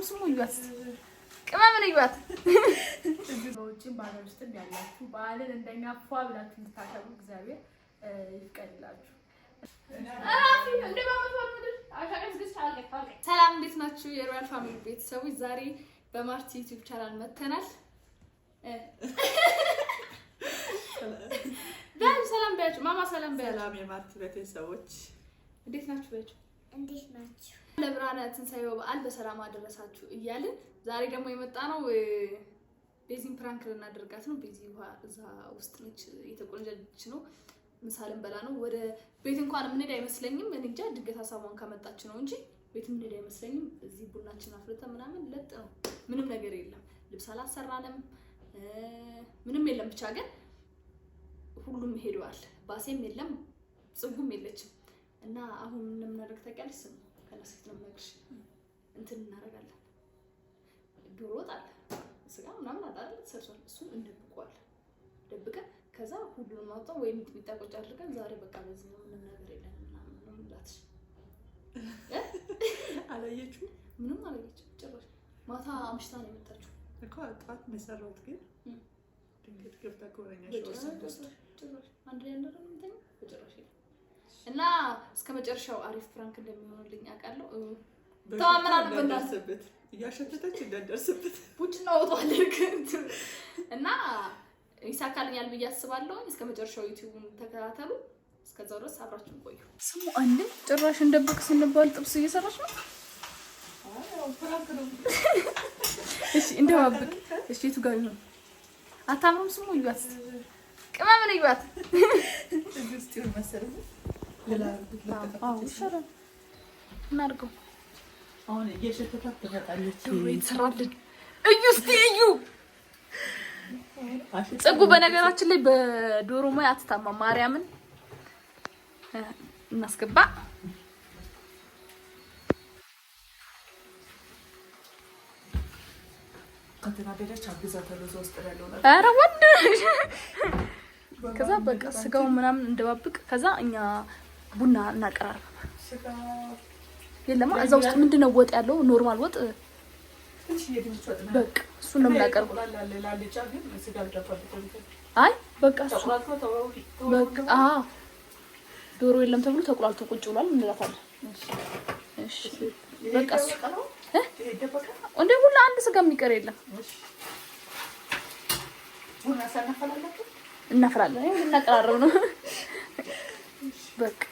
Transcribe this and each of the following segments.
ቅመም ስሙ እዩት፣ ቅመምን እዩት። በውጭም በሀገር ውስጥም ያላችሁ በዓልን እንደኛ ፏ ብላችሁ እንድታከቡ እግዚአብሔር ይፍቀድላችሁ። ሰላም እንዴት ናችሁ? የሮያል ፋሚሊ ቤተሰቦች ዛሬ በማርቲ ዩቲዩብ ቻናል መተናል። ሰላም በያችሁ ማማ፣ ሰላም በያችሁ የማርቲ ቤተሰቦች እንዴት ናችሁ በያችሁ እንዴት ናችሁ? ለብርሃነ ትንሣኤው በዓል በሰላም አደረሳችሁ እያልን ዛሬ ደግሞ የመጣ ነው ቤዚን ፕራንክ ልናደርጋት ነው። ቤዚ ውሃ እዛ ውስጥ ነች፣ የተቆንጀለች ነው። ምሳሌም በላ ነው። ወደ ቤት እንኳን የምንሄድ አይመስለኝም። እንጃ ድገት ሀሳቧን ካመጣች ነው እንጂ ቤት የምንሄድ አይመስለኝም። እዚህ ቡናችን አፍልተን ምናምን ለጥ ነው። ምንም ነገር የለም። ልብስ አላሰራንም፣ ምንም የለም። ብቻ ግን ሁሉም ሄደዋል። ባሴም የለም፣ ጽጉም የለችም። እና አሁን እንደምናደርግ ታውቂያለሽ? ስም ከላሴት ነው የምነግርሽ። እንትን እናደርጋለን ዶሮ ወጥ አለ፣ ስጋ ምናምን አጣለ ተሰርቷል። እሱን እንደብቀዋለን። ደብቀን ከዛ ሁሉንም አውጣ ወይም ሚጥሚጣ ቆጭ አድርገን ዛሬ በቃ በዚህ ነው ምንም ነገር የለም ምናምን ነው የምንላትሽ። አላየችውም፣ ምንም አላየችም ጭራሽ። ማታ አምሽታ ነው የመጣችው እኮ ጠዋት ነው የሰራሁት፣ ግን ድንገት ገብታ ከሆነኛ ጭራሽ አንድ ላይ እንዳደረግ ምተኛ በጭራሽ የለም እና እስከ መጨረሻው አሪፍ ፍራንክ እንደሚሆንልኝ አውቃለሁ። ተማምናለሁ እንዳደርስበት እያሸተተች እንዳደርስበት ነው ወጧል እና ይሳካልኛል ብዬ አስባለሁ። እስከ መጨረሻው ዩቲዩብን ተከታተሉ። እስከዛ ድረስ አብራችን ቆዩ። ስሙ አንድ ጭራሽ እንደበቅ ስንባል ጥብስ እየሰራች ነው። እሺ እንደባብቅ እሺ፣ የቱ ጋር ይሆን አታምሩም? ስሙ እዩዋት፣ ቅመምን እዩዋት። ይሻላል። እናድርገው። እዩ እስኪ እዩ። ጽጉ በነገራችን ላይ በዶሮ ሙያ አትታማ። ማርያምን እናስገባ። ኧረ ወንድ ከዛ በቃ ስጋው ምናምን እንደባብቅ ከዛ እኛ ቡና እናቀራርብ። የለማ እዛ ውስጥ ምንድን ነው ወጥ ያለው? ኖርማል ወጥ በቃ እሱ ነው የምናቀርበው። አይ በቃ እሱ በቃ አዎ፣ ዶሮ የለም ተብሎ ተቁላልቶ ቁጭ ብሏል እንላታለን። እሺ በቃ እሱ እንደ ሁላ አንድ ስጋ የሚቀር የለም። እናፈላለን፣ እናቀራረብ ነው በቃ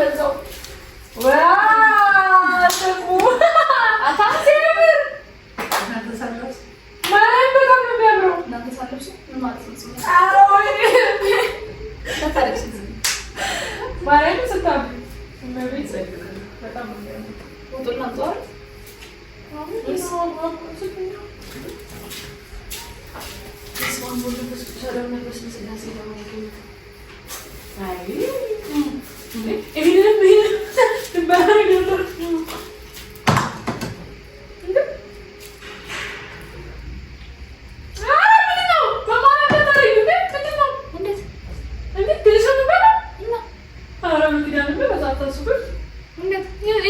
그러면서 와 대구 아 당신을 나도 살렸어 말할거 não 배로 나도 살렸어 맞아 맞아 아 어이 muito bem não dorme é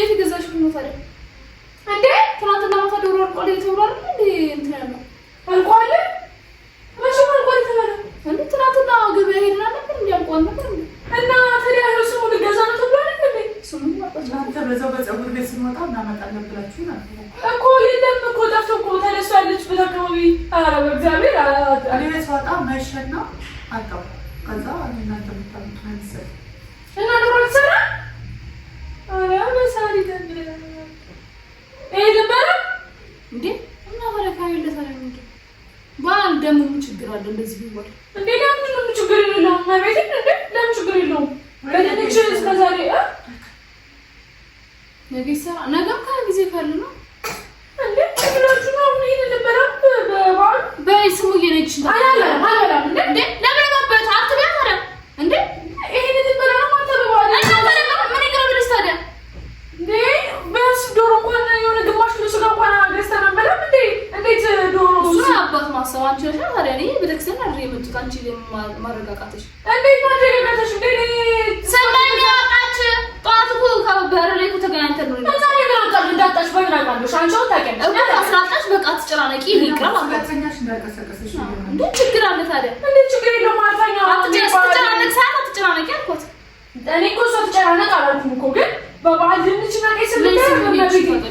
የት ገዛሽው ነው ታዲያ? እንዴ ትናንትና ማታ ዶሮ ቆሌ ተብሏል እንዴ እንትን ያለው እፈልጋለሁ። እንደዚህ ቢሆን እንዴ ለምን ምንም ችግር የለውም። ማለት እንዴ ለምን ችግር የለውም። በደንብ እስከ ዛሬ ነገ ይሰራ ነገ ነው የመጡት። አንቺ ማረጋጋትሽ እንዴት ማረጋጋትሽ? እንዴ ያቃች ጠዋት እኮ ከበር ላይ ተገናኝተን ነው እና ምን አቃል እንዳጣሽ በምን አቃልሽ? አንቺው ታቀለሽ እኮ አስራጣሽ በቃ ትጨናነቂ ይቅራም አቃተኛሽ እንዳቀሰቀሰሽ እንዴ ችግር አለ ታዲያ? እንዴ ችግር የለም አልፋኛ አትጨናነቅ ሳታ ትጨናነቂ አልኳት። እኔ እኮ ሰው ትጨናነቅ አላልኩም እኮ ግን በባህል ድንች ናቀይ ስለዚህ ነው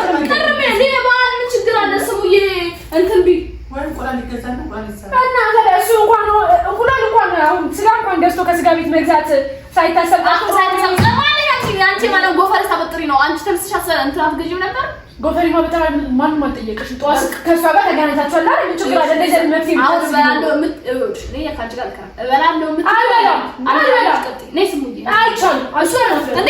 አትገዢም ነበር? ጎፈሪማ በጣም ማንም አልጠየቀሽም። ጠዋት ከእሷ ጋር ተገናኝታችኋል አይደል? ችግር አለ? እንደዚህ መፍትሄ አሁን እበላለሁ የምት እኔ ጋር እበላለሁ የምት አልበላም አልበላም። ነይ ስሙኝ አይቻልም። እሱ እንዴ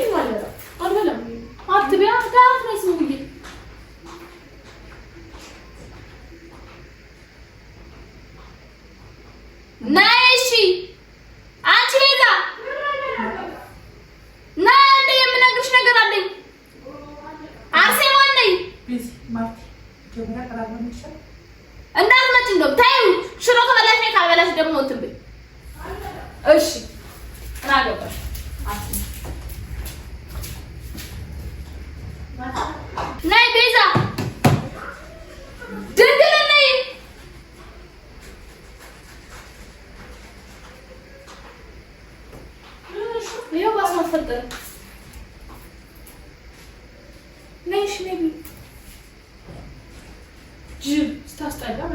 እንዳትመጪ እንደውም ተይው። ሽሮ ከበላሽ ካልበላሽ ደግሞ እንትን ብዬሽ እሺ ምን አገባሽ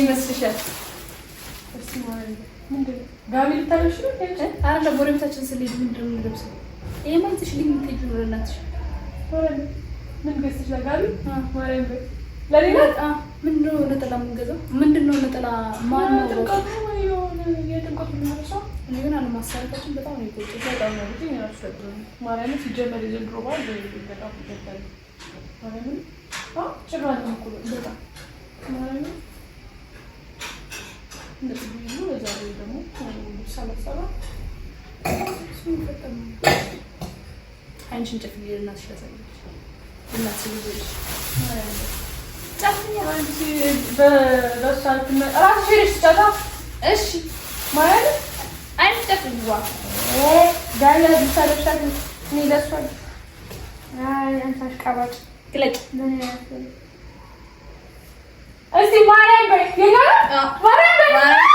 ምን ይመስልሻል? ጋቢ ልታለብሽ ነው? አይደለም ወደ ቤታችን ምንድን ነው የምንለብሰው? ይሄማ ይዘሽ ልኝ የምትሄጂው ነው ለእናትሽ። ምን ገዝተሻል? ጋቢ ለሌላ ምንድን ነው ነጠላ የምንገዛው? ምንድን ነው ነጠላ ማነው? ግን አለማሳረፋችን በጣም ነው የቆጨኝ። በጣም ነው እንጂ ማርያምን ሲጀመር የዘንድሮ በዓል በጣም በጣም እንደዚህ ብዬ በዛሬ ደግሞ ሰላሰባ አንቺን I oh, see Así, whatever, you know? Yeah. Oh. Whatever. whatever.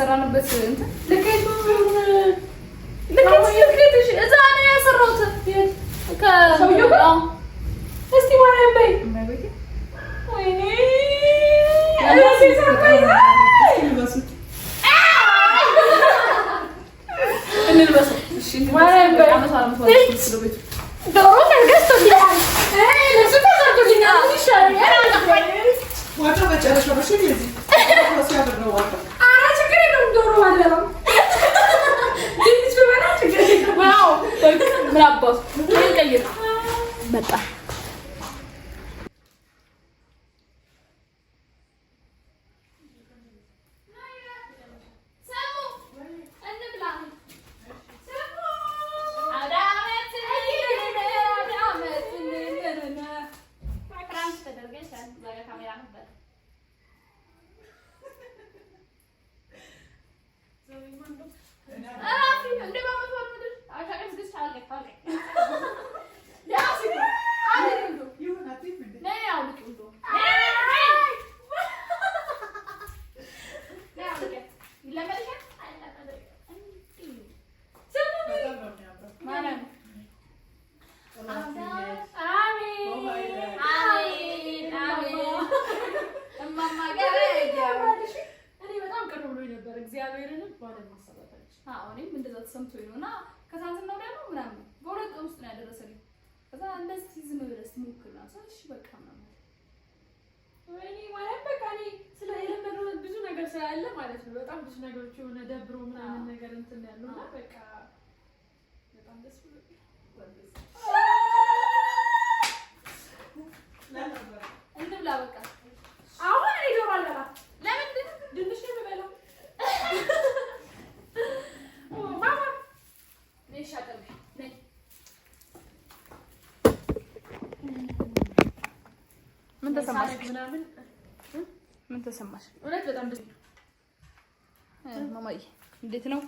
የተሰራንበት እንትን እዛ በቃ ከዛ እሺ በቃ ምናምን ወይኔ ማለት በቃ እኔ ስለ የለመደው ብዙ ነገር ስላለ ማለት ነው። በጣም ብዙ ነገሮች የሆነ ደብሮ ምናምን ነገር እንትን ያለው እና በቃ በጣም ደስ ብሎኛል። እንብላ በቃ ምን ተሰማሽ? ምን ተሰማሽ? እውነት በጣም ደስ ይላል። ማማዬ፣ እንዴት ነው?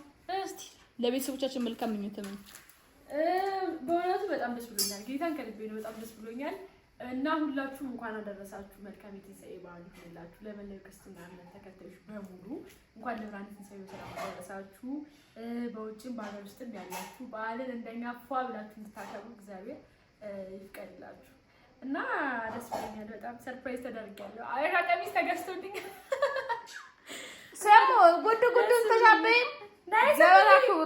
እስቲ ለቤተሰቦቻችን መልካም ምኞት ተመኝ። በእውነቱ በጣም ደስ ብሎኛል። ጌታን ከልቤ ነው። በጣም ደስ ብሎኛል እና ሁላችሁም እንኳን አደረሳችሁ። መልካም የትንሣኤ በዓል ይሁንላችሁ። ለመላው ክርስትና እምነት ተከታዮች በሙሉ እንኳን ለብርሃነ ትንሣኤው በሰላም አደረሳችሁ። በውጭም በሀገር ውስጥም ያላችሁ በዓልን እንደኛ ፏ ብላችሁ እንድታከብሩ እግዚአብሔር ይፍቀድላችሁ። እና ደስ ብሎኛል። በጣም ሰርፕራይዝ ተደርጊያለሁ። ቀሚስ ተገዝቶልኝ ጉድ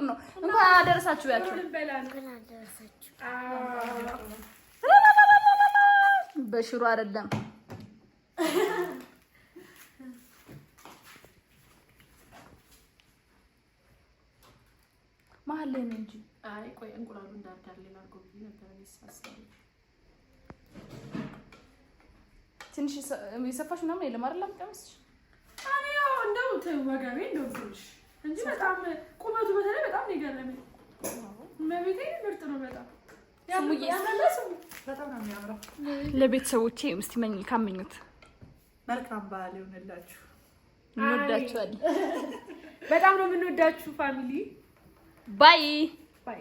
ነው። እንኳን አደረሳችሁ ያችሁ በሽሮ አይደለም መሀል ላይ ነው እንጂ። አይ ቆይ እንቁላሉ እንዳዳር ሌላ ጎብኝ ነበር የሚሳሰበው ትንሽ የሰፋሽ ምናምን የለም አይደል? ቀሚስሽ በጣም በጣም ለቤተሰቦቼ እስቲ መኝ ካመኙት መልካም በዓል ይሆንላችሁ። እንወዳችኋለን። በጣም ነው የምንወዳችሁ ፋሚሊ። ባይ ባይ